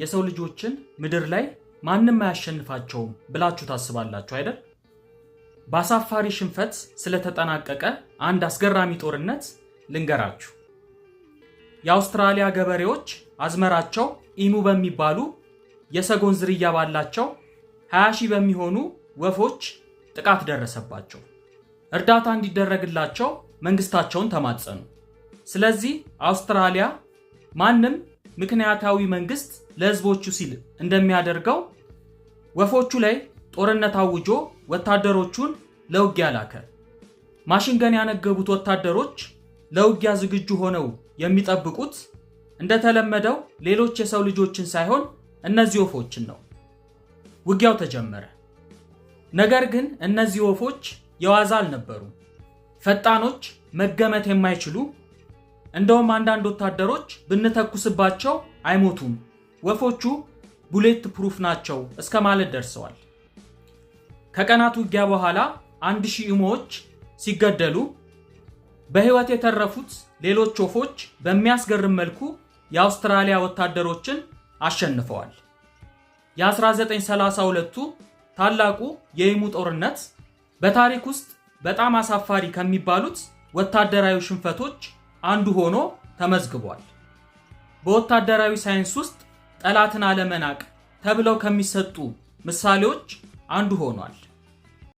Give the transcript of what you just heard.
የሰው ልጆችን ምድር ላይ ማንም አያሸንፋቸውም ብላችሁ ታስባላችሁ አይደል? በአሳፋሪ ሽንፈት ስለተጠናቀቀ አንድ አስገራሚ ጦርነት ልንገራችሁ። የአውስትራሊያ ገበሬዎች አዝመራቸው ኢሙ በሚባሉ የሰጎን ዝርያ ባላቸው 20 ሺህ በሚሆኑ ወፎች ጥቃት ደረሰባቸው። እርዳታ እንዲደረግላቸው መንግስታቸውን ተማጸኑ። ስለዚህ አውስትራሊያ ማንም ምክንያታዊ መንግስት ለህዝቦቹ ሲል እንደሚያደርገው ወፎቹ ላይ ጦርነት አውጆ ወታደሮቹን ለውጊያ ላከ። ማሽንገን ያነገቡት ወታደሮች ለውጊያ ዝግጁ ሆነው የሚጠብቁት እንደተለመደው ሌሎች የሰው ልጆችን ሳይሆን እነዚህ ወፎችን ነው። ውጊያው ተጀመረ። ነገር ግን እነዚህ ወፎች የዋዛ አልነበሩም። ፈጣኖች፣ መገመት የማይችሉ እንደውም አንዳንድ ወታደሮች ብንተኩስባቸው አይሞቱም ወፎቹ ቡሌት ፕሩፍ ናቸው እስከ ማለት ደርሰዋል። ከቀናት ውጊያ በኋላ አንድ ሺህ ኢሞዎች ሲገደሉ በሕይወት የተረፉት ሌሎች ወፎች በሚያስገርም መልኩ የአውስትራሊያ ወታደሮችን አሸንፈዋል። የ1932ቱ ታላቁ የኢሙ ጦርነት በታሪክ ውስጥ በጣም አሳፋሪ ከሚባሉት ወታደራዊ ሽንፈቶች አንዱ ሆኖ ተመዝግቧል። በወታደራዊ ሳይንስ ውስጥ ጠላትን አለመናቅ ተብለው ከሚሰጡ ምሳሌዎች አንዱ ሆኗል።